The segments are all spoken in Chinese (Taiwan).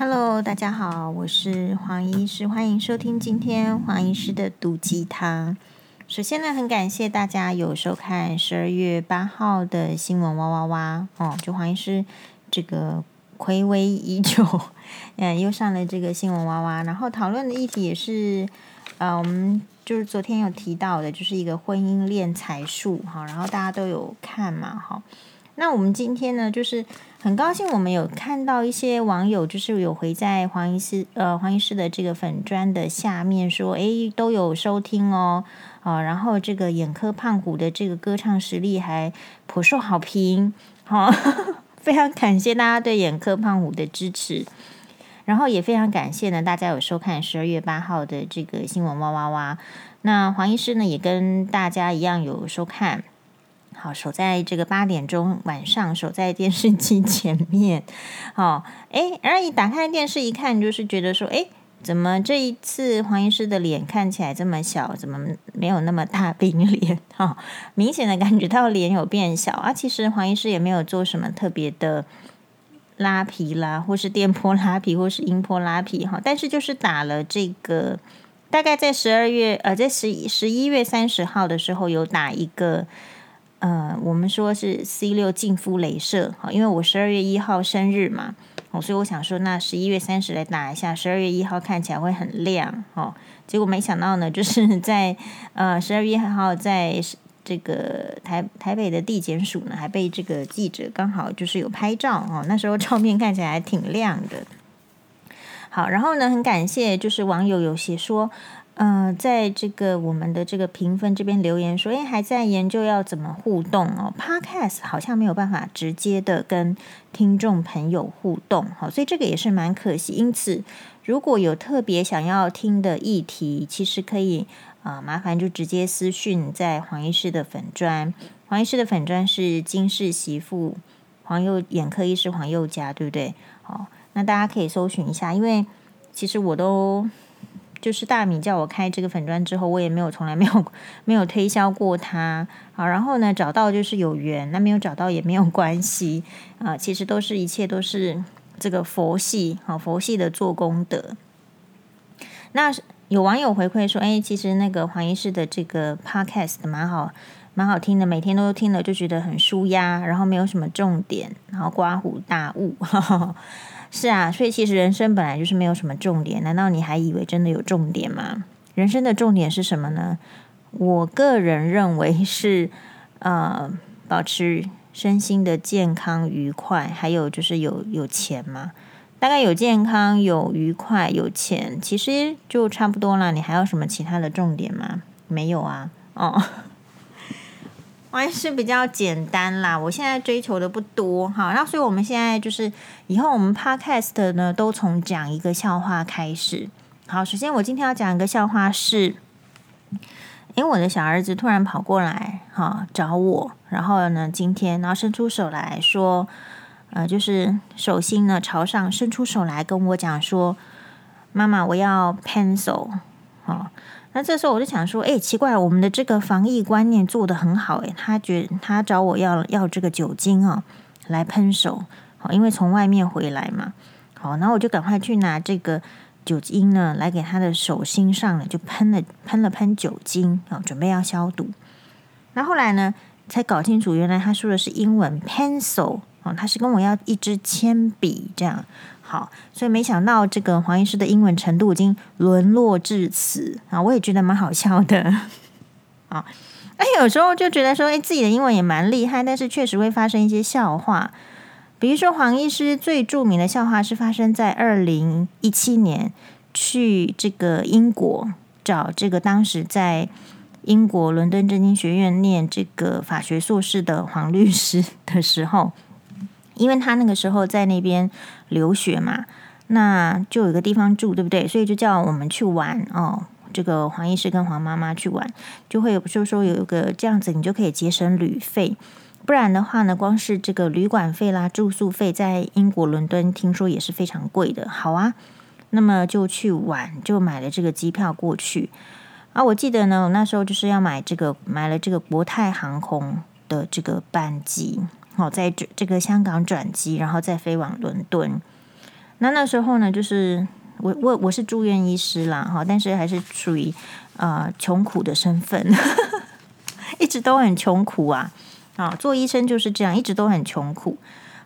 Hello，大家好，我是黃醫師，歡迎收聽今天黃醫師的毒雞湯。首先呢，很感謝大家有收看十二月八號的新聞哇哇哇哦，就黃醫師這個暌違已久，嗯，又上了這個新聞哇哇，然後討論的議題也是，呃，我們就是昨天有提到的，就是一個婚姻斂財術哈，然後大家都有看嘛哈。那我們今天呢，就是很高興我們有看到一些網友，就是有回在黃醫師呃黃醫師的這個粉專的下面說，誒，都有收聽哦，啊、呃，然後這個眼科胖虎的這個歌唱實力還頗受好評，哈，非常感謝大家對眼科胖虎的支持，然後也非常感謝呢，大家有收看十二月八號的這個新聞哇哇哇，那黃醫師呢也跟大家一樣有收看。好，守在這個八點鐘晚上，守在電視機前面。哦，哎，而後一打開電視一看，就是覺得說，哎，怎麼這一次黃醫師的臉看起來這麼小？怎麼沒有那麼大餅臉？哈、哦，明顯的感覺到臉有變小。而、啊、其實黃醫師也沒有做什麼特別的拉皮啦，或是電波拉皮，或是音波拉皮。哈、哦，但是就是打了這個，大概在十二月呃，在十十一月三十號的時候有打一個。呃，我們說是 C 六淨膚雷射，哈，因為我十二月一號生日嘛，哦，所以我想說，那十一月三十來打一下，十二月一號看起來會很亮，哈，結果沒想到呢，就是在呃十二月一號，在這個台台北的地檢署呢，還被這個記者剛好就是有拍照，哦，那時候照片看起來還挺亮的，好，然後呢，很感謝就是網友有寫說。嗯、呃，在這個我們的這個評分這邊留言說，哎，還在研究要怎麼互動哦。Podcast 好像沒有辦法直接的跟聽眾朋友互動哦，所以這個也是蠻可惜。因此，如果有特別想要聽的議題，其實可以啊、呃，麻煩就直接私訊在黃醫師的粉專，黃醫師的粉專是金氏媳婦，黃宥眼科醫師黃宥嘉，對不對？哦，那大家可以搜尋一下，因為其實我都。就是大米叫我開這個粉專之後，我也沒有從來沒有沒有推銷過它。好，然後呢，找到就是有緣，那沒有找到也沒有關係啊、呃。其實都是一切都是這個佛系，好、哦、佛系的做功德。那有網友回饋說：“哎，其實那個黃醫師的這個 podcast 蠻好，蠻好聽的，每天都聽了就覺得很舒壓，然後沒有什麼重點，然後刮鬍大悟。呵呵是啊，所以其實人生本來就是沒有什麼重點，難道你還以為真的有重點嗎？人生的重點是什麼呢？我個人認為是，呃，保持身心的健康愉快，還有就是有有錢嘛，大概有健康、有愉快、有錢，其實就差不多啦。你還有什麼其他的重點嗎？沒有啊，哦。還是比較簡單啦，我現在追求的不多哈。那所以，我們現在就是以後我們 podcast 呢，都從講一個笑話開始。好，首先我今天要講一個笑話是，因為我的小兒子突然跑過來哈、哦、找我，然後呢，今天然後伸出手來說，呃，就是手心呢朝上伸出手來跟我講說，媽媽，我要 pencil 哈、哦。那這時候我就想說，哎，奇怪，我們的這個防疫觀念做得很好，誒，他覺得他找我要要這個酒精哦，來噴手，好，因為從外面回來嘛，好，然後我就趕快去拿這個酒精呢，來給他的手心上了，就噴了噴了噴酒精啊，哦，準備要消毒。那後來呢，才搞清楚，原來他說的是英文 pencil，哦，他是跟我要一支鉛筆這樣。好，所以沒想到這個黃醫師的英文程度已經淪落至此啊！我也覺得蠻好笑的。啊，哎，有時候就覺得說，哎，自己的英文也蠻厲害，但是確實會發生一些笑話。比如說，黃醫師最著名的笑話是發生在二零一七年去這個英國找這個當時在英國倫敦政經學院念這個法學碩士的黃律師的時候。因為他那個時候在那邊留學嘛，那就有個地方住，對不對？所以就叫我們去玩哦。這個黃醫師跟黃媽媽去玩，就會有就是說有一個這樣子，你就可以節省旅費。不然的話呢，光是這個旅館費啦、住宿費，在英國倫敦聽說也是非常貴的。好啊，那麼就去玩，就買了這個機票過去。啊，我記得呢，我那時候就是要買這個，買了這個國泰航空的這個班機。好，在這這個香港轉機，然後再飛往倫敦。那那時候呢，就是我我我是住院醫師啦，哈，但是還是屬於啊、呃，窮苦的身份， 一直都很窮苦啊。啊，做醫生就是這樣，一直都很窮苦。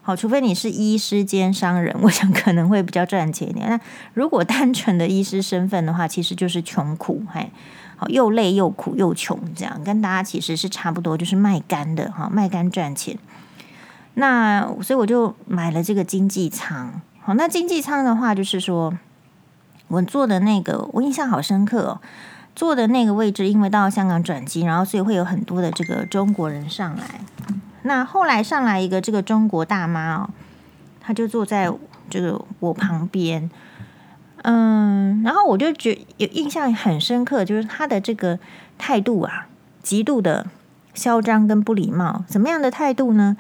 好，除非你是醫師兼商人，我想可能會比較賺錢一點。那如果單純的醫師身份的話，其實就是窮苦，嘿，好又累又苦又窮，這樣跟大家其實是差不多，就是賣肝的哈，賣肝賺錢。那所以我就買了這個經濟艙。好，那經濟艙的話，就是說我坐的那個，我印象好深刻哦，坐的那個位置，因為到香港轉機，然後所以會有很多的這個中國人上來。那後來上來一個這個中國大媽哦，她就坐在這個我旁邊。嗯，然後我就覺得有印象很深刻，就是她的這個態度啊，極度的囂張跟不禮貌。什麼樣的態度呢？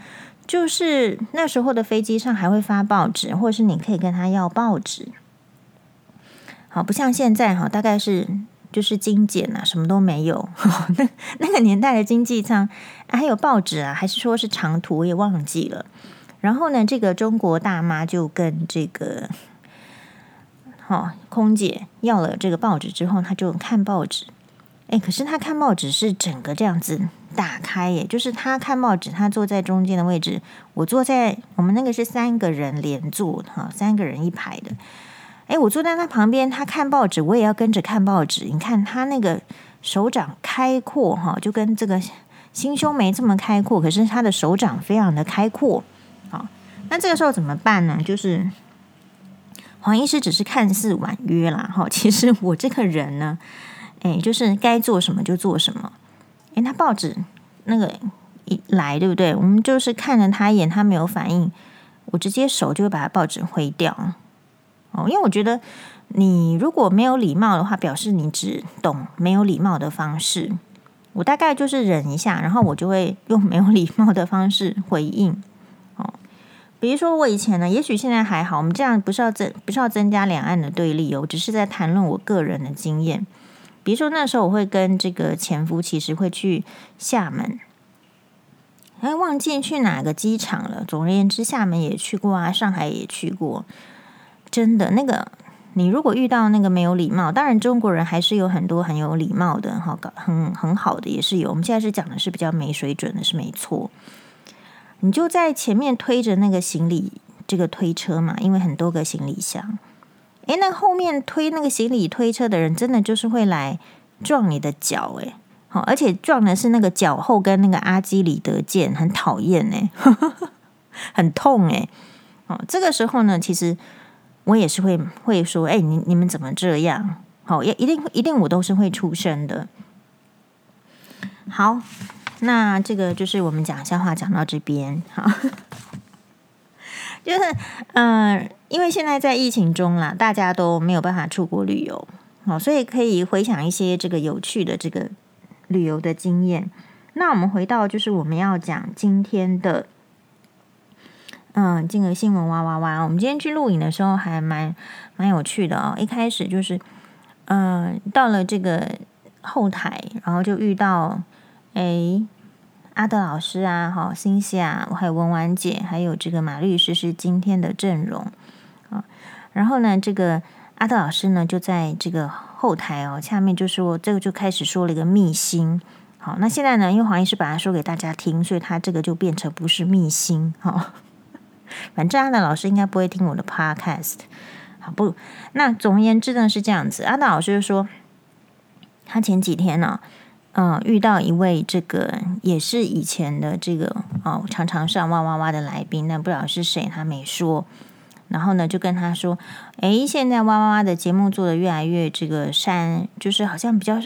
就是那時候的飛機上還會發報紙，或者是你可以跟他要報紙。好，不像現在哈，大概是就是精簡啊，什麼都沒有。那那個年代的經濟艙還有報紙啊，還是說是長途我也忘記了。然後呢，這個中國大媽就跟這個好空姐要了這個報紙之後，她就看報紙。哎，可是她看報紙是整個這樣子。打開耶，就是他看報紙，他坐在中間的位置，我坐在我們那個是三個人連坐哈，三個人一排的。哎，我坐在他旁邊，他看報紙，我也要跟着看報紙。你看他那個手掌開闊哈，就跟這個心胸沒這麼開闊，可是他的手掌非常的開闊。好，那這個時候怎麼辦呢？就是黃醫師只是看似婉約啦，哈，其實我這個人呢，哎，就是該做什麼就做什麼。誒，他報紙那個一來，對不對？我們就是看着他一眼，他沒有反應，我直接手就會把他報紙揮掉。哦，因為我覺得你如果沒有禮貌的話，表示你只懂沒有禮貌的方式。我大概就是忍一下，然後我就會用沒有禮貌的方式回應。哦，比如說我以前呢，也許現在還好。我們這樣不是要增，不是要增加兩岸的對立哦，我只是在談論我個人的經驗。比如說那時候我會跟這個前夫，其實會去廈門，哎，忘記去哪個機場了。總而言之，廈門也去過啊，上海也去過。真的，那個你如果遇到那個沒有禮貌，當然中國人還是有很多很有禮貌的，好搞，很很好的也是有。我們現在是講的是比較沒水準的，是沒錯。你就在前面推着那個行李這個推車嘛，因為很多個行李箱。哎，那後面推那個行李推車的人，真的就是會來撞你的腳，哎，好，而且撞的是那個腳後跟那個阿基里得腱，很討厭呢，很痛哎，哦，這個時候呢，其實我也是會會說，哎，你你們怎麼這樣？好，也一定一定我都是會出聲的。好，那這個就是我們講笑話講到這邊，好。就是，嗯、呃，因為現在在疫情中啦，大家都沒有辦法出國旅遊，哦，所以可以回想一些這個有趣的這個旅遊的經驗。那我們回到就是我們要講今天的，嗯、呃，這個新聞哇哇哇，哦！我們今天去錄影的時候還蠻蠻有趣的哦。一開始就是，嗯、呃，到了這個後台，然後就遇到，誒。阿德老師啊，好、啊，星夏，我還有文婉姐，還有這個馬律師是今天的陣容啊。然後呢，這個阿德老師呢就在這個後台哦，下面就說這個就開始說了一個秘辛。好，那現在呢，因為黃醫師把它說給大家聽，所以他這個就變成不是秘辛哈。反正阿德老師應該不會聽我的 podcast 好。好不？那總而言之呢是這樣子，阿德老師就說他前幾天呢、哦。嗯，遇到一位這個也是以前的這個哦，常常上哇哇哇的來賓，但不知道是誰，他沒說。然後呢，就跟他說，誒，現在哇哇哇的節目做的越來越這個煽，就是好像比較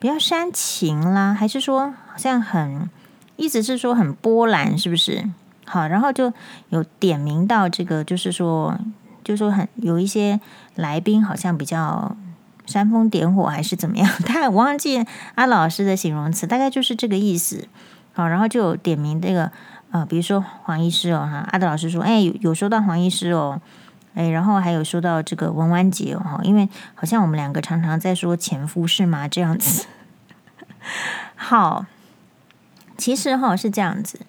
比較煽情啦，還是說好像很意思是說很波瀾，是不是？好，然後就有點名到這個，就是說，就是說很有一些來賓好像比較。煽風點火還是怎麼樣？他我忘記阿老師的形容詞，大概就是這個意思。好，然後就點名這個啊、呃，比如說黃醫師哦，哈，阿德老師說，哎，有有說到黃醫師哦，哎，然後還有說到這個文玩姐哦，因為好像我們兩個常常在說前夫是嗎？這樣子。好，其實哈、哦、是這樣子，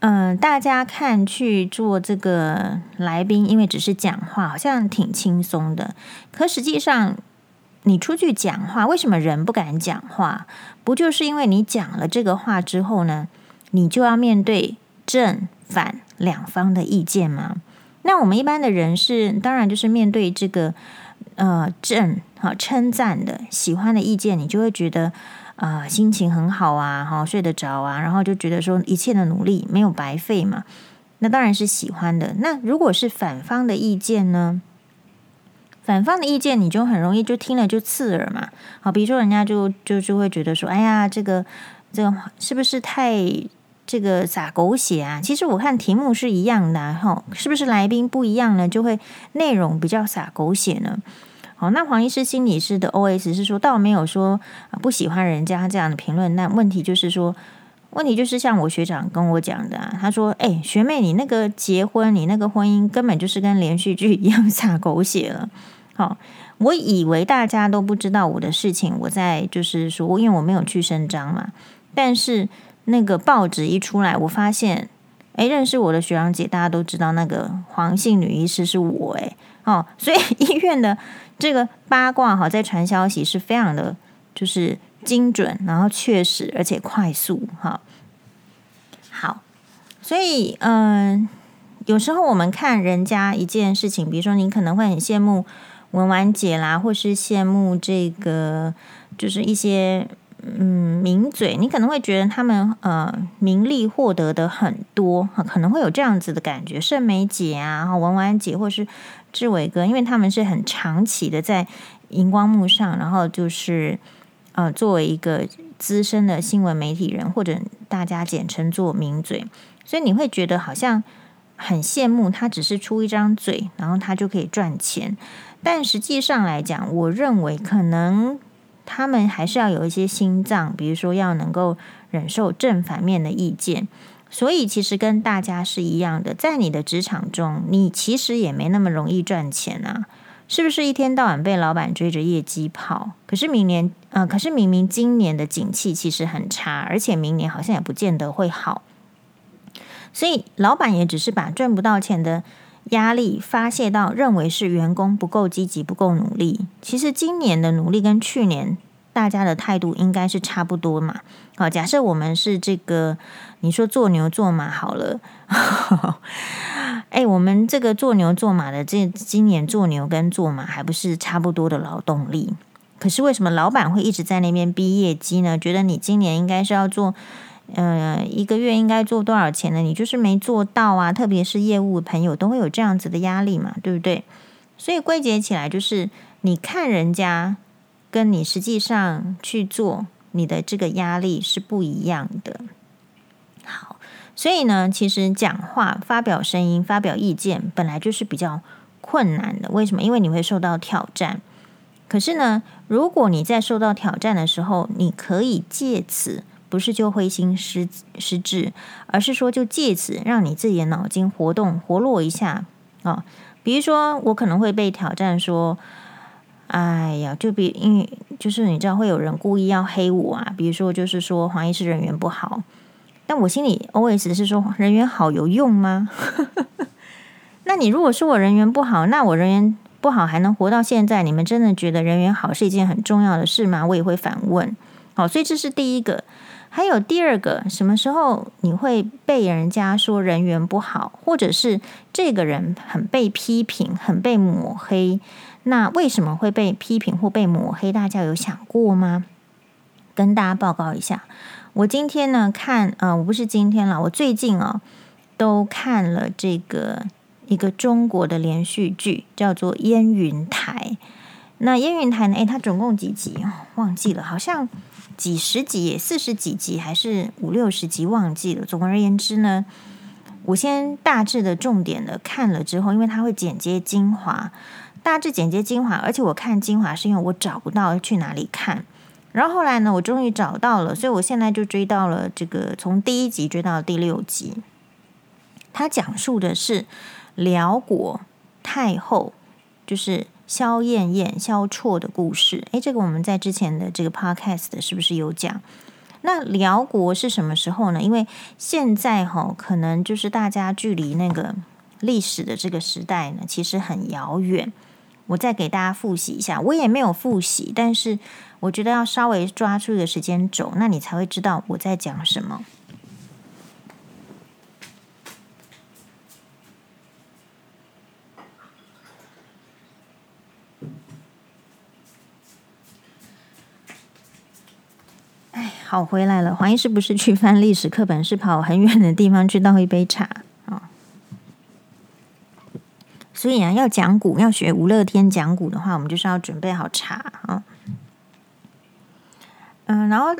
嗯、呃，大家看去做這個來賓，因為只是講話，好像挺輕鬆的，可實際上。你出去講話，為什麼人不敢講話？不就是因為你講了這個話之後呢，你就要面對正反兩方的意見嗎？那我們一般的人是當然就是面對這個呃正好稱讚的喜歡的意見，你就會覺得啊、呃、心情很好啊，好睡得着啊，然後就覺得說一切的努力沒有白費嘛。那當然是喜歡的。那如果是反方的意見呢？反方的意見，你就很容易就聽了就刺耳嘛。好，比如說人家就就就會覺得說，哎呀，這個這個是不是太這個撒狗血啊？其實我看題目是一樣的哈、啊，是不是來賓不一樣呢？就會內容比較撒狗血呢？好，那黃醫師心理師的 OS 是說，倒沒有說不喜歡人家這樣的評論。那問題就是說，問題就是像我學長跟我講的啊，他說，哎，學妹，你那個結婚，你那個婚姻根本就是跟連續劇一樣撒狗血了。哦，我以為大家都不知道我的事情，我在就是說，因為我沒有去聲張嘛。但是那個報紙一出來，我發現，哎，認識我的學長姐，大家都知道那個黃姓女醫師是我，哎，哦，所以醫院的這個八卦哈，在傳消息是非常的，就是精準，然後確實而且快速哈。好，所以嗯、呃，有時候我們看人家一件事情，比如說你可能會很羨慕。文玩姐啦，或是羨慕這個，就是一些嗯名嘴，你可能會覺得他們呃名利獲得的很多，可能會有這樣子的感覺。盛梅姐啊，然後文玩姐，或是志偉哥，因為他們是很長期的在熒光幕上，然後就是呃作為一個資深的新聞媒體人，或者大家簡稱做名嘴，所以你會覺得好像很羨慕他，只是出一張嘴，然後他就可以賺錢。但實際上來講，我認為可能他們還是要有一些心臟，比如說要能夠忍受正反面的意見。所以其實跟大家是一樣的，在你的職場中，你其實也沒那麼容易賺錢啊，是不是？一天到晚被老闆追着業績跑，可是明年，啊、呃，可是明明今年的景氣其實很差，而且明年好像也不見得會好，所以老闆也只是把賺不到錢的。壓力發洩到認為是員工不夠積極、不夠努力。其實今年的努力跟去年大家的態度應該是差不多嘛。好、哦，假設我們是這個，你說做牛做馬好了呵呵。哎，我們這個做牛做馬的，這今年做牛跟做馬還不是差不多的勞動力。可是為什麼老闆會一直在那邊逼業績呢？覺得你今年應該是要做。呃，一個月應該做多少錢呢？你就是沒做到啊！特別是業務朋友都會有這樣子的壓力嘛，對不對？所以歸結起來就是，你看人家跟你實際上去做，你的這個壓力是不一樣的。好，所以呢，其實講話、發表聲音、發表意見，本來就是比較困難的。為什麼？因為你會受到挑戰。可是呢，如果你在受到挑戰的時候，你可以借此。不是就灰心失失志，而是說就借此讓你自己的腦筋活動活絡一下啊、哦。比如說，我可能會被挑戰說：“哎呀，就比因為、嗯、就是你知道會有人故意要黑我啊。”比如說，就是說黃醫師人緣不好，但我心裡 OS 是說人緣好有用嗎？ 那你如果說我人緣不好，那我人緣不好還能活到現在？你們真的覺得人緣好是一件很重要的事嗎？我也會反問。好、哦，所以這是第一個。還有第二個，什麼時候你會被人家說人緣不好，或者是這個人很被批評、很被抹黑？那為什麼會被批評或被抹黑？大家有想過嗎？跟大家報告一下，我今天呢看啊、呃，我不是今天了，我最近啊、哦、都看了這個一個中國的連續劇，叫做《燕雲台》。那《燕雲台》呢？誒，它總共幾集？哦、忘記了，好像。幾十集、四十幾集還是五六十集，忘記了。總而言之呢，我先大致的重點的看了之後，因為它會剪接精華，大致剪接精華。而且我看精華是因為我找不到去哪裡看。然後後來呢，我終於找到了，所以我現在就追到了這個從第一集追到第六集。它講述的是遼國太後，就是。蕭燕燕、蕭綽的故事，誒，這個我們在之前的這個 podcast 是不是有講？那遼國是什麼時候呢？因為現在哈、哦，可能就是大家距離那個歷史的這個時代呢，其實很遙遠。我再給大家複習一下，我也沒有複習，但是我覺得要稍微抓住一個時間軸，那你才會知道我在講什麼。跑回來了，黃醫師不是去翻歷史課本，是跑很遠的地方去倒一杯茶啊、哦。所以啊，要講古，要學吳樂天講古的話，我們就是要準備好茶啊。嗯、哦呃，然後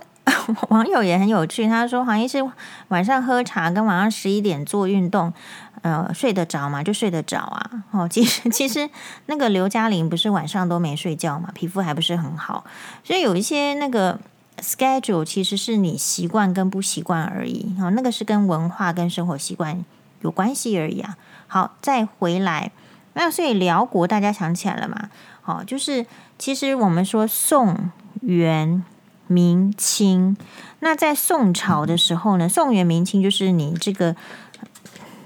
網友也很有趣，他說黃醫師晚上喝茶跟晚上十一點做運動，呃，睡得着嗎？就睡得着啊。哦，其實其實那個劉嘉玲不是晚上都沒睡覺嘛，皮膚還不是很好，所以有一些那個。schedule 其實是你習慣跟不習慣而已，哦，那個是跟文化跟生活習慣有關係而已啊。好，再回來，那所以遼國大家想起來了嘛？好，就是其實我們說宋、元、明、清，那在宋朝的時候呢，宋、元、明、清就是你這個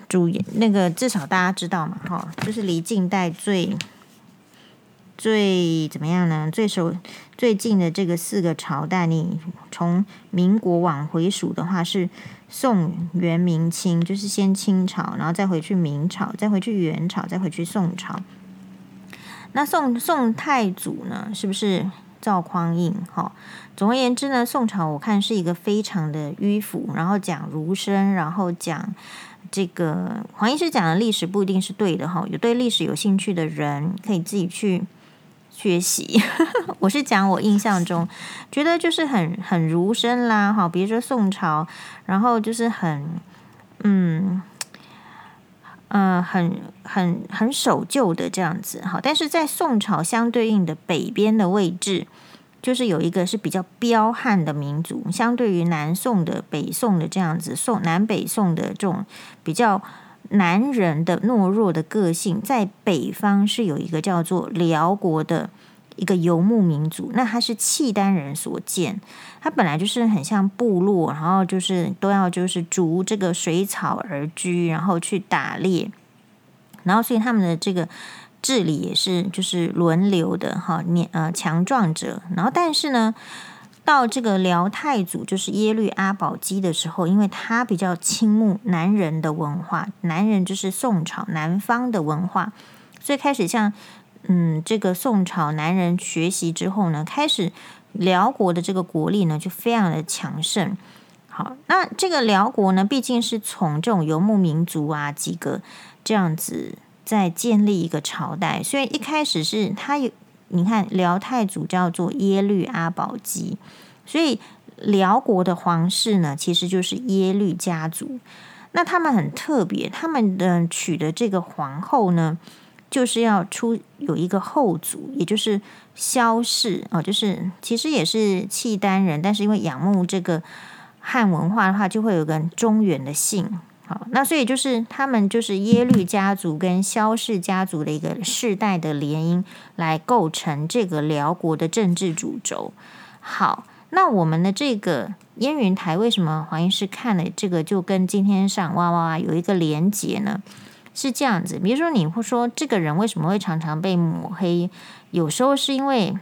主，那個至少大家知道嘛，哈，就是離近代最。最怎麼樣呢？最首最近的這個四個朝代，你從民國往回數的話，是宋、元、明、清，就是先清朝，然後再回去明朝，再回去元朝，再回去宋朝。那宋宋太祖呢，是不是趙匡胤？哈、哦，總而言之呢，宋朝我看是一個非常的迂腐，然後講儒生，然後講這個黃醫師講的歷史不一定是對的哈、哦。有對歷史有興趣的人，可以自己去。學習 我是講我印象中覺得就是很很儒生啦，哈，比如說宋朝，然後就是很嗯嗯、呃、很很很守舊的這樣子哈。但是在宋朝相對應的北邊的位置，就是有一個是比較彪悍的民族，相對於南宋的北宋的這樣子，宋南北宋的這種比較。南人的懦弱的個性，在北方是有一個叫做遼國的一個遊牧民族，那他是契丹人所建，他本來就是很像部落，然後就是都要就是逐這個水草而居，然後去打獵，然後所以他們的這個治理也是就是輪流的哈，呃強壯者，然後但是呢。到這個遼太祖就是耶律阿保機的時候，因為他比較傾慕南人的文化，南人就是宋朝南方的文化，所以開始向嗯這個宋朝南人學習之後呢，開始遼國的這個國力呢就非常的強盛。好，那這個遼國呢，畢竟是從這種游牧民族啊幾個這樣子在建立一個朝代，所以一開始是他有。你看遼太祖叫做耶律阿保機，所以遼國的皇室呢，其實就是耶律家族。那他們很特別，他們的娶的這個皇後呢，就是要出有一個後族，也就是蕭氏哦，就是其實也是契丹人，但是因為仰慕這個漢文化的話，就會有一個中原的姓。好，那所以就是他們就是耶律家族跟蕭氏家族的一個世代的聯姻，來構成這個遼國的政治主軸。好，那我們的這個燕雲台為什麼黃醫師看了這個就跟今天上哇哇哇有一個連結呢？是這樣子，比如說你會說這個人為什麼會常常被抹黑？有時候是因為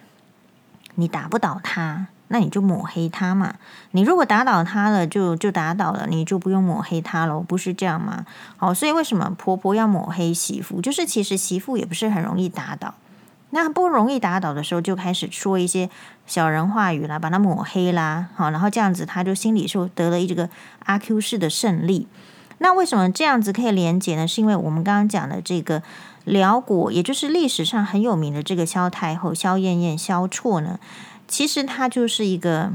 你打不倒他。那你就抹黑他嘛，你如果打倒他了，就就打倒了，你就不用抹黑他了，不是這樣嗎？好，所以為什麼婆婆要抹黑媳婦？就是其實媳婦也不是很容易打倒，那不容易打倒的時候，就開始說一些小人話語啦，把她抹黑啦，好，然後這樣子，她就心裡就得了一這個阿 Q 式的勝利。那為什麼這樣子可以連接呢？是因為我們剛剛講的這個遼國，也就是歷史上很有名的這個蕭太后蕭燕燕、蕭綽呢。其實他就是一個，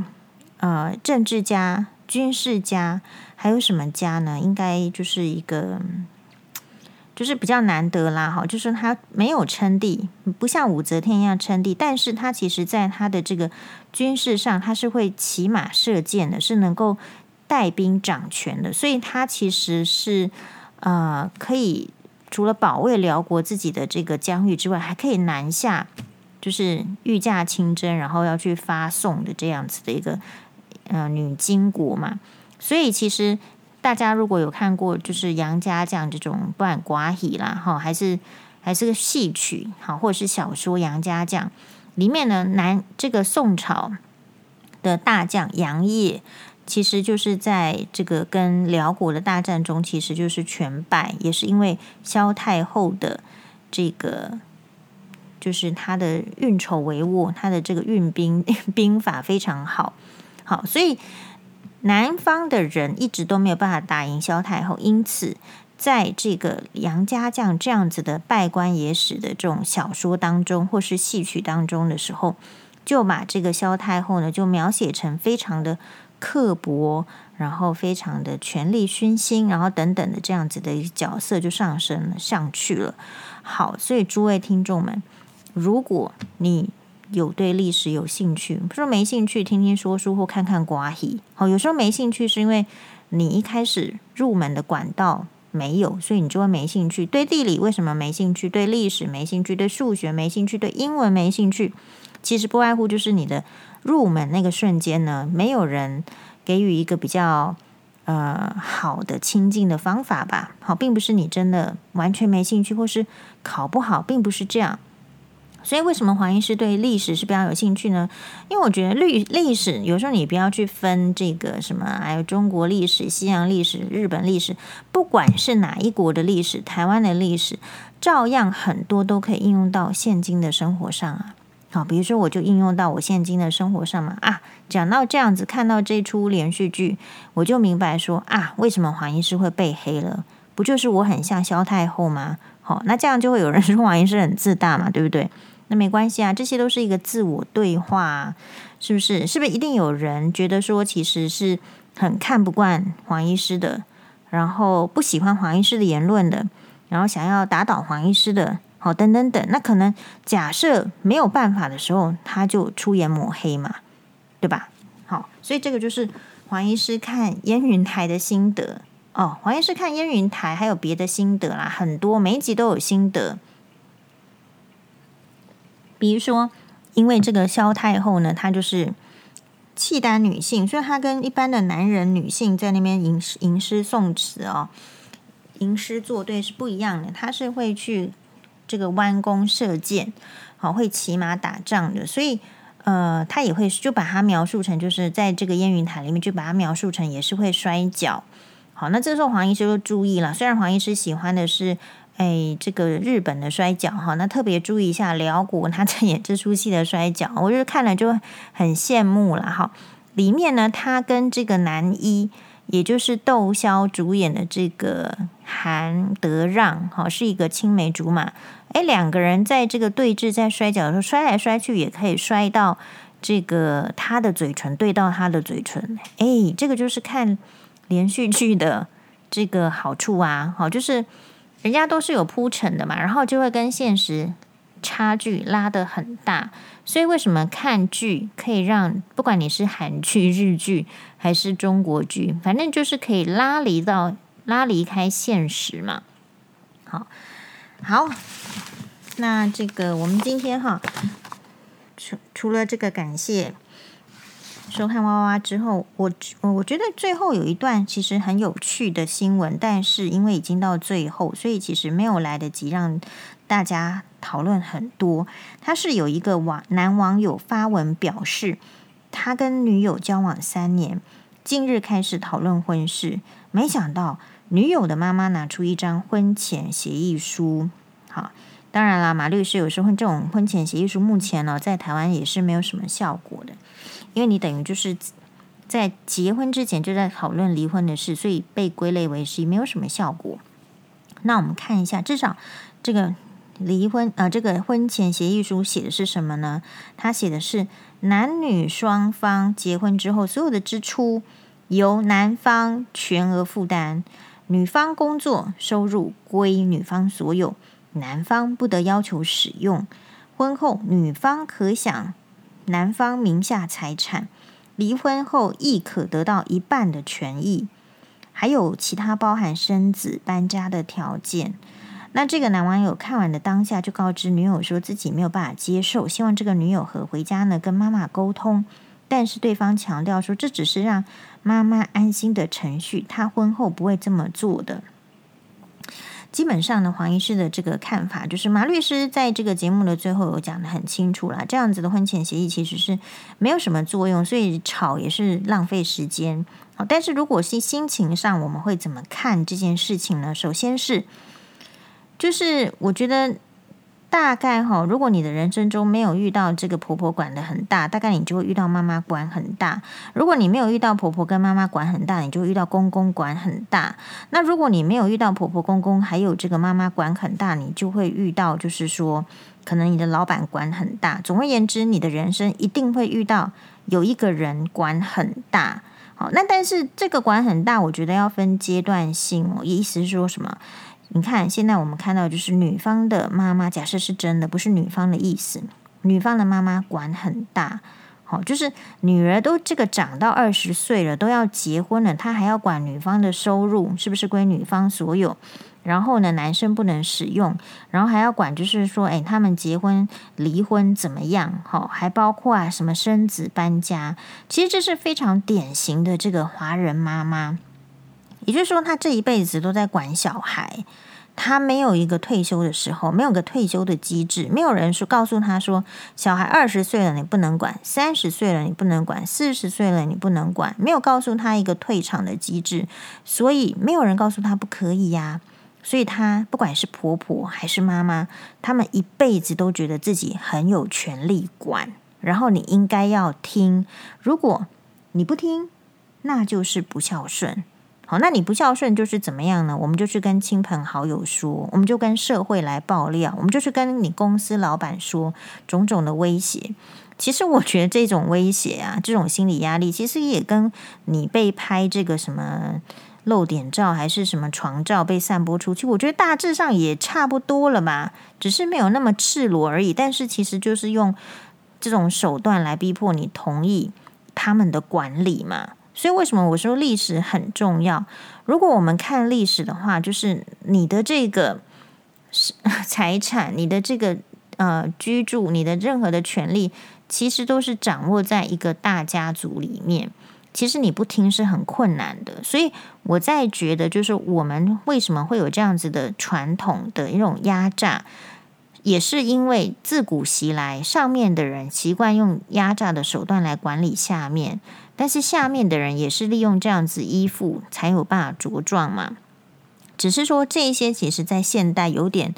呃，政治家、軍事家，還有什麼家呢？應該就是一個，就是比較難得啦。哈，就是他沒有稱帝，不像武則天一樣稱帝，但是他其實在他的這個軍事上，他是會騎馬射箭的，是能夠帶兵掌權的，所以他其實是呃，可以除了保衛遼國自己的這個疆域之外，還可以南下。就是御駕親征，然後要去伐宋的這樣子的一個，呃女金國嘛。所以其實大家如果有看過，就是《楊家將》這種不管寡喜啦，哈，還是還是個戲曲，哈，或者是小說《楊家將》裡面呢，男，這個宋朝的大將楊業，其實就是在這個跟遼國的大戰中，其實就是全敗，也是因為蕭太後的這個。就是他的運籌帷幄，他的這個運兵兵法非常好，好，所以南方的人一直都沒有辦法打贏蕭太後。因此，在這個楊家將這樣子的稗官野史的這種小說當中，或是戲曲當中的時候，就把這個蕭太後呢，就描寫成非常的刻薄，然後非常的權力熏心，然後等等的這樣子的一個角色就上升了上去了。好，所以諸位聽眾們。如果你有對歷史有興趣，不是沒興趣，聽聽說書或看看瓜皮。好，有時候沒興趣是因為你一開始入門的管道沒有，所以你就會沒興趣。對地理為什麼沒興趣？對歷史沒興趣？對數學沒興趣？對英文沒興趣？其實不外乎就是你的入門那個瞬間呢，沒有人給予一個比較呃好的親近的方法吧。好，並不是你真的完全沒興趣，或是考不好，並不是這樣。所以，為什麼黃醫師對歷史是比較有興趣呢？因為我覺得歷歷史有時候你不要去分這個什麼，還有中國歷史、西洋歷史、日本歷史，不管是哪一國的歷史，台灣的歷史照樣很多都可以應用到現今的生活上啊。好，比如說我就應用到我現今的生活上嘛啊，講到這樣子，看到這齣連續劇，我就明白說啊，為什麼黃醫師會被黑了？不就是我很像蕭太后嗎？好，那這樣就會有人說黃醫師很自大嘛，對不對？那沒關係啊，這些都是一個自我對話啊，是不是？是不是一定有人覺得說，其實是很看不慣黃醫師的，然後不喜歡黃醫師的言論的，然後想要打倒黃醫師的，好，等等等。那可能假設沒有辦法的時候，他就出言抹黑嘛，對吧？好，所以這個就是黃醫師看燕雲台的心得哦。黃醫師看燕雲台還有別的心得啦，很多每一集都有心得。比如說，因為這個蕭太後呢，她就是契丹女性，所以她跟一般的男人、女性在那邊吟詩、吟詩誦詞哦，吟詩作對是不一樣的。她是會去這個彎弓射箭，好，會騎馬打仗的。所以，呃，她也會就把她描述成，就是在這個燕雲台裡面，就把她描述成也是會摔跤。好，那這時候黃醫師就注意了，雖然黃醫師喜歡的是。哎，這個日本的摔跤哈，那特別注意一下遼國他在演這出戲的摔跤，我就是看了就很羨慕了哈。裡面呢，他跟這個男一，也就是竇驍主演的這個韓德讓哈，是一個青梅竹馬。哎，兩個人在這個對峙，在摔跤的時候摔來摔去，也可以摔到這個他的嘴唇對到他的嘴唇。哎，這個就是看連續劇的這個好處啊，好就是。人家都是有鋪陳的嘛，然後就會跟現實差距拉得很大，所以為什麼看劇可以讓不管你是韓劇、日劇還是中國劇，反正就是可以拉離到拉離開現實嘛。好，好，那這個我們今天哈，除除了這個感謝。收看娃娃之後，我我我覺得最後有一段其實很有趣的新聞，但是因為已經到最後，所以其實沒有來得及讓大家討論很多。他是有一個網男網友發文表示，他跟女友交往三年，近日開始討論婚事，沒想到女友的媽媽拿出一張婚前協議書。好，當然啦，馬律師有時候這種婚前協議書，目前呢、哦、在台灣也是沒有什麼效果的。因為你等於就是在結婚之前就在討論離婚的事，所以被歸類為是沒有什麼效果。那我們看一下，至少這個離婚呃，這個婚前協議書寫的是什麼呢？他寫的是男女雙方結婚之後所有的支出由男方全額負擔，女方工作收入歸女方所有，男方不得要求使用。婚後女方可享。男方名下財產，離婚後亦可得到一半的權益，還有其他包含生子、搬家的條件。那這個男網友看完的當下，就告知女友說自己沒有辦法接受，希望這個女友和回家呢跟媽媽溝通。但是對方強調說，這只是讓媽媽安心的程序，她婚後不會這麼做的。基本上呢，黃醫師的這個看法，就是馬律師在這個節目的最後有講得很清楚了。這樣子的婚前協議其實是沒有什麼作用，所以吵也是浪費時間。好，但是如果是心情上，我們會怎麼看這件事情呢？首先是，就是我覺得。大概哈、哦，如果你的人生中沒有遇到這個婆婆管得很大，大概你就會遇到媽媽管很大。如果你沒有遇到婆婆跟媽媽管很大，你就會遇到公公管很大。那如果你沒有遇到婆婆、公公，還有這個媽媽管很大，你就會遇到，就是說，可能你的老闆管很大。總而言之，你的人生一定會遇到有一個人管很大。好，那但是這個管很大，我覺得要分階段性哦。意思是說什麼？你看，現在我們看到就是女方的媽媽，假設是真的，不是女方的意思。女方的媽媽管很大，好、哦，就是女兒都這個長到二十歲了，都要結婚了，她還要管女方的收入是不是歸女方所有？然後呢，男生不能使用，然後還要管，就是說，誒、哎，他們結婚、離婚怎麼樣？好、哦，還包括啊什麼生子、搬家，其實這是非常典型的這個華人媽媽。也就是說，他這一輩子都在管小孩，他沒有一個退休的時候，沒有個退休的機制，沒有人說告訴他說，小孩二十歲了你不能管，三十歲了你不能管，四十歲了你不能管，沒有告訴他一個退場的機制，所以沒有人告訴他不可以呀。所以他不管是婆婆還是媽媽，他們一輩子都覺得自己很有權利管，然後你應該要聽，如果你不聽，那就是不孝順。好，那你不孝順就是怎麼樣呢？我們就去跟親朋好友說，我們就跟社會來爆料，我們就去跟你公司老板說，種種的威脅。其實我覺得這種威脅啊，這種心理壓力，其實也跟你被拍這個什麼露點照，還是什麼床照被散播出去，我覺得大致上也差不多了嘛，只是沒有那麼赤裸而已。但是其實就是用這種手段來逼迫你同意他們的管理嘛。所以，為什麼我說歷史很重要？如果我們看歷史的話，就是你的這個是財產，你的這個呃居住，你的任何的權利，其實都是掌握在一個大家族裡面。其實你不聽是很困難的。所以我在覺得，就是我們為什麼會有這樣子的傳統的一種壓榨，也是因為自古襲來，上面的人習慣用壓榨的手段來管理下面。但是下面的人也是利用這樣子依附才有辦法茁壯嘛，只是說這一些其實在現代有點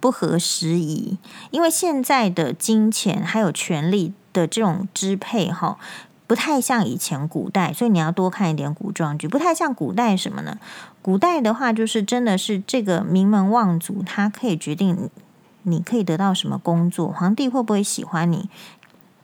不合時宜，因為現在的金錢還有權力的這種支配哈，不太像以前古代，所以你要多看一點古裝劇，不太像古代什麼呢？古代的話就是真的是這個名門望族，他可以決定你可以得到什麼工作，皇帝會不會喜歡你？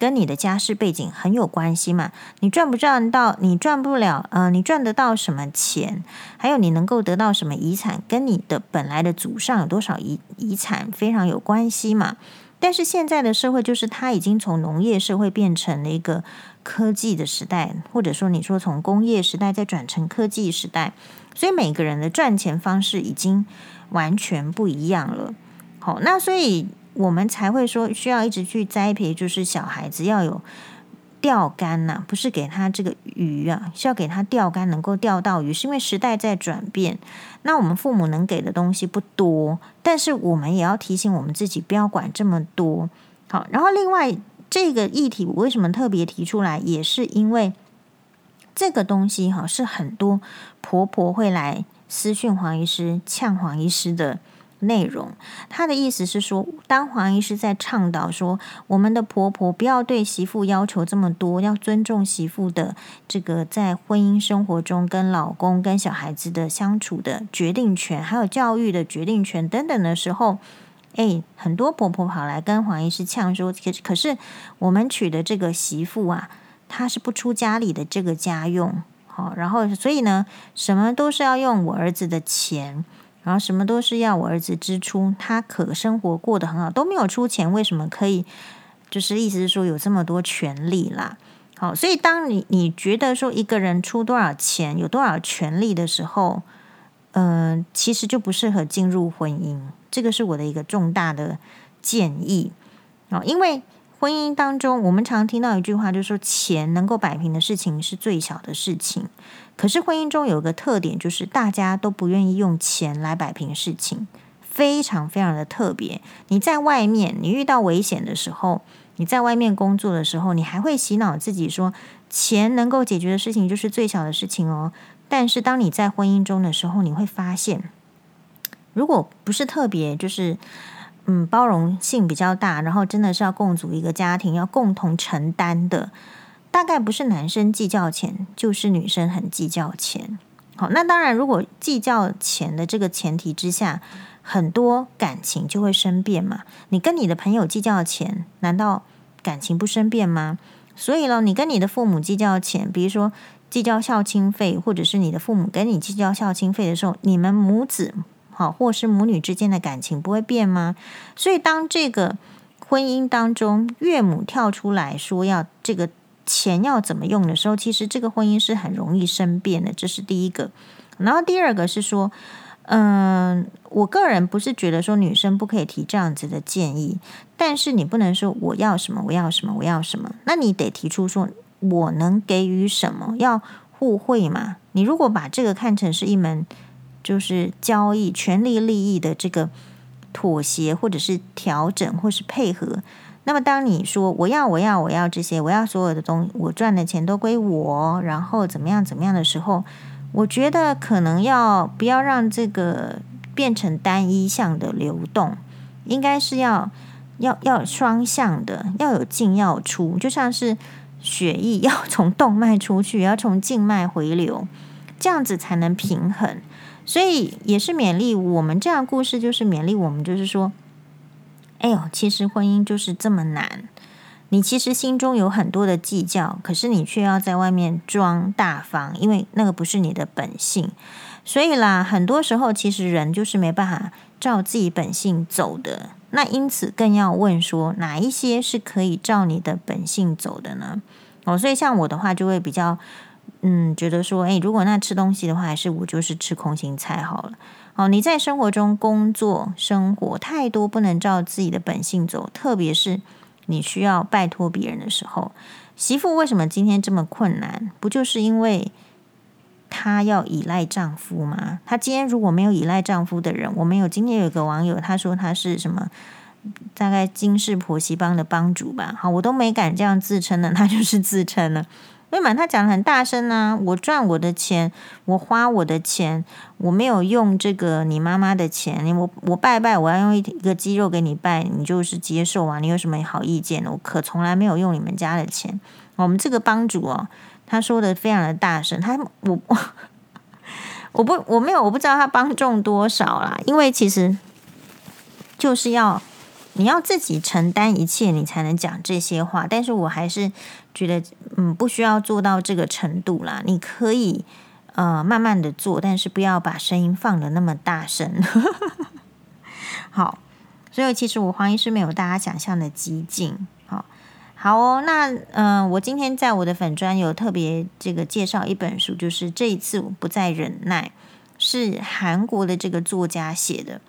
跟你的家世背景很有關係嘛。你賺不賺到？你賺不了，呃，你賺得到什麼錢？還有你能夠得到什麼遺產，跟你的本來的祖上有多少遺遺產非常有關係嘛。但是現在的社會就是它已經從農業社會變成了一個科技的時代，或者說你說從工業時代再轉成科技時代，所以每個人的賺錢方式已經完全不一樣了。好，那所以。我們才會說需要一直去栽培，就是小孩子要有釣竿吶啊，不是給他這個魚啊，是要給他釣竿，能夠釣到魚。是因為時代在轉變，那我們父母能給的東西不多，但是我們也要提醒我們自己，不要管這麼多。好，然後另外這個議題，我為什麼特別提出來，也是因為這個東西哈，是很多婆婆會來私訊黃醫師嗆黃醫師的。內容，他的意思是說，當黃醫師在倡導說，我們的婆婆不要對媳婦要求這麼多，要尊重媳婦的這個在婚姻生活中跟老公、跟小孩子的相處的決定權，還有教育的決定權等等的時候，誒，很多婆婆跑來跟黃醫師嗆說，可是我們娶的這個媳婦啊，她是不出家裡的這個家用，好，然後所以呢，什麼都是要用我兒子的錢。然後什麼都是要我兒子支出，他可生活過得很好，都沒有出錢，為什麼可以？就是意思是說有這麼多權利啦。好，所以當你你覺得說一個人出多少錢，有多少權利的時候，嗯，呃，其實就不適合進入婚姻。這個是我的一個重大的建議。哦，因為婚姻當中，我們常聽到一句話，就是說錢能夠擺平的事情是最小的事情。可是婚姻中有一個特點，就是大家都不願意用錢來擺平事情，非常非常的特別。你在外面，你遇到危險的時候，你在外面工作的時候，你還會洗腦自己說，錢能夠解決的事情就是最小的事情哦。但是當你在婚姻中的時候，你會發現，如果不是特別，就是，嗯，包容性比較大，然後真的是要共組一個家庭，要共同承擔的。大概不是男生計較錢，就是女生很計較錢。好，那當然，如果計較錢的這個前提之下，很多感情就會生變嘛。你跟你的朋友計較錢，難道感情不生變嗎？所以呢，你跟你的父母計較錢，比如說計較孝親費，或者是你的父母給你計較孝親費的時候，你們母子好，或是母女之間的感情不會變嗎？所以，當這個婚姻當中岳母跳出來說要這個。錢要怎麼用的時候，其實這個婚姻是很容易生變的，這是第一個。然後第二個是說，嗯、呃，我個人不是覺得說女生不可以提這樣子的建議，但是你不能說我要什麼，我要什麼，我要什麼，那你得提出說我能給予什麼，要互惠嘛。你如果把這個看成是一門就是交易、權利、利益的這個妥協或者是調整或是配合。那麼，當你說我要，我要，我要這些，我要所有的東西，我賺的錢都歸我，然後怎麼樣怎麼樣的時候，我覺得可能要不要讓這個變成單一向的流動，應該是要要要雙向的，要有進要出，就像是血液要從動脈出去，要從靜脈回流，這樣子才能平衡。所以也是勉勵我們這樣的故事，就是勉勵我們，就是說。哎呦，其實婚姻就是這麼難。你其實心中有很多的計較，可是你卻要在外面裝大方，因為那個不是你的本性。所以啦，很多時候其實人就是沒辦法照自己本性走的。那因此更要問說，哪一些是可以照你的本性走的呢？哦，所以像我的話，就會比較嗯覺得說，哎，如果那吃東西的話，還是我就是吃空心菜好了。哦，你在生活中工作、生活太多，不能照自己的本性走。特別是你需要拜託別人的時候，媳婦為什麼今天這麼困難？不就是因為她要依賴丈夫嗎？她今天如果沒有依賴丈夫的人，我沒有。今天有一個網友，他說他是什麼，大概金氏婆媳幫的幫主吧。好，我都沒敢這樣自稱呢，他就是自稱呢。所以嘛，他講的很大聲呢、啊。我賺我的錢，我花我的錢，我沒有用這個你媽媽的錢。我我拜拜，我要用一個雞肉給你拜，你就是接受啊，你有什麼好意見？我可從來沒有用你們家的錢。我們這個幫主哦，他說的非常的大聲。他我我不我沒有我不知道他幫眾多少啦，因為其實就是要你要自己承擔一切，你才能講這些話。但是我還是。覺得嗯不需要做到這個程度啦，你可以呃慢慢的做，但是不要把聲音放得那麼大聲。 好，所以其實我黃醫師沒有大家想象的激進。好，好哦，那嗯、呃，我今天在我的粉專有特別這個介紹一本書，就是這一次我不再忍耐，是韓國的這個作家寫的。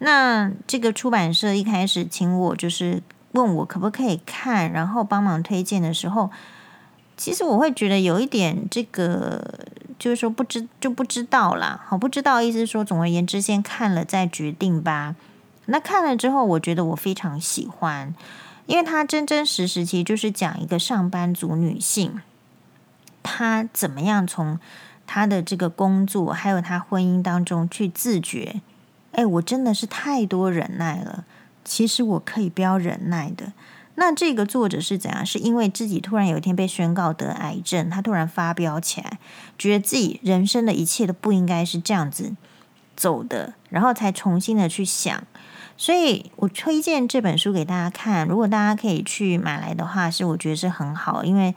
那這個出版社一開始請我就是。問我可不可以看，然後幫忙推薦的時候，其實我會覺得有一點這個，就是說不知就不知道啦。好，不知道意思說，總而言之，先看了再決定吧。那看了之後，我覺得我非常喜歡，因為他真真實實，其實就是講一個上班族女性，她怎麼樣從她的這個工作還有她婚姻當中去自覺。哎，我真的是太多忍耐了。其實我可以不要忍耐的。那這個作者是怎樣？是因為自己突然有一天被宣告得癌症，他突然發飆起來，覺得自己人生的一切都不應該是這樣子走的，然後才重新的去想。所以我推薦這本書給大家看。如果大家可以去買來的話，是我覺得是很好，因為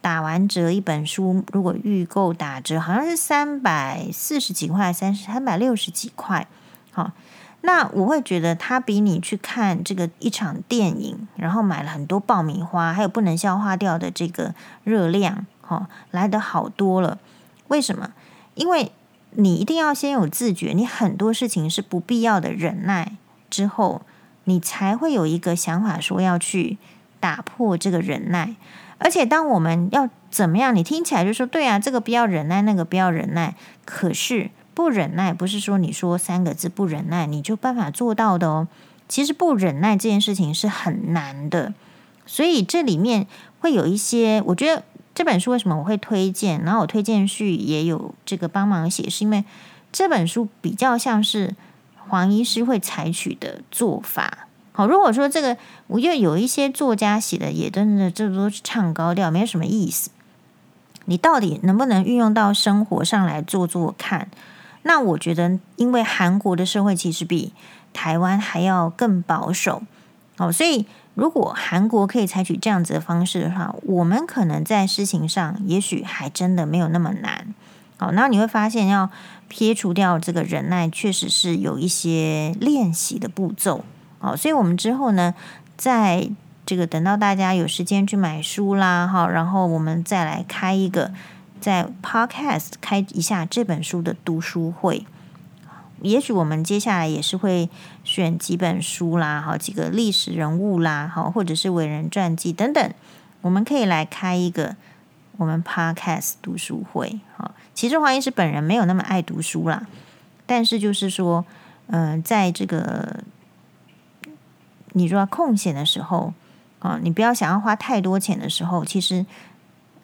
打完折一本書，如果預購打折，好像是三百四十幾塊，三三百六十幾塊，好、哦。那我會覺得，他比你去看這個一場電影，然後買了很多爆米花，還有不能消化掉的這個熱量，哈、哦，來得好多了。為什麼？因為你一定要先有自覺，你很多事情是不必要的忍耐，之後你才會有一個想法說要去打破這個忍耐。而且，當我們要怎麼樣？你聽起來就說對啊，這個不要忍耐，那個不要忍耐。可是。不忍耐，不是說你說三個字不忍耐你就辦法做到的哦。其實不忍耐這件事情是很難的，所以這裡面會有一些，我覺得這本書為什麼我會推薦，然後我推薦序也有這個幫忙寫，是因為這本書比較像是黃醫師會採取的做法。好，如果說這個，我覺得有一些作家寫的也真的，這都是唱高調，沒有什麼意思。你到底能不能運用到生活上來做做看？那我覺得，因為韓國的社會其實比台灣還要更保守哦，所以如果韓國可以採取這樣子的方式的話，我們可能在事情上也許還真的沒有那麼難哦。那你會發現，要撇除掉這個忍耐，確實是有一些練習的步驟哦。所以我們之後呢，在這個等到大家有時間去買書啦，哈，然後我們再來開一個。在 Podcast 開一下這本書的讀書會，也許我們接下來也是會選幾本書啦，好幾個歷史人物啦，好或者是偉人傳記等等，我們可以來開一個我們 Podcast 讀書會。好，其實黃醫師本人沒有那麼愛讀書啦，但是就是說，嗯，在這個你若空閒的時候啊，你不要想要花太多錢的時候，其實，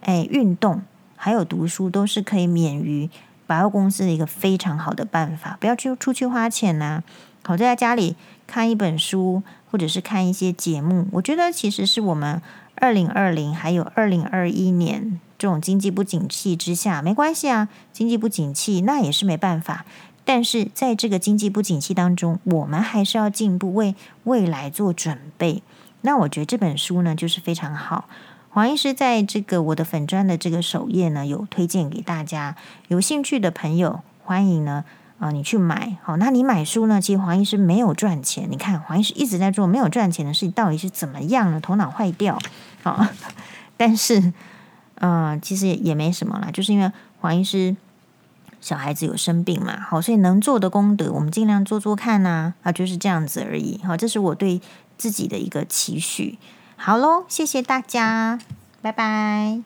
哎，運動。還有讀書都是可以免於百貨公司的一個非常好的辦法，不要去出去花錢吶、啊，好在家裡看一本書，或者是看一些節目。我覺得其實是我們二零二零還有二零二一年這種經濟不景氣之下，沒關係啊，經濟不景氣那也是沒辦法。但是在這個經濟不景氣當中，我們還是要進一步為未來做準備。那我覺得這本書呢，就是非常好。黃醫師在這個我的粉專的這個首頁呢，有推薦給大家，有興趣的朋友歡迎呢啊、呃，你去買。好，那你買書呢？其實黃醫師沒有賺錢。你看黃醫師一直在做沒有賺錢的事情，到底是怎麼樣呢？頭腦壞掉啊！但是，嗯、呃，其實也沒什麼啦，就是因為黃醫師小孩子有生病嘛，好，所以能做的功德，我們盡量做做看吶啊，啊，就是這樣子而已。好，這是我對自己的一個期許。好嘍，謝謝大家，拜拜。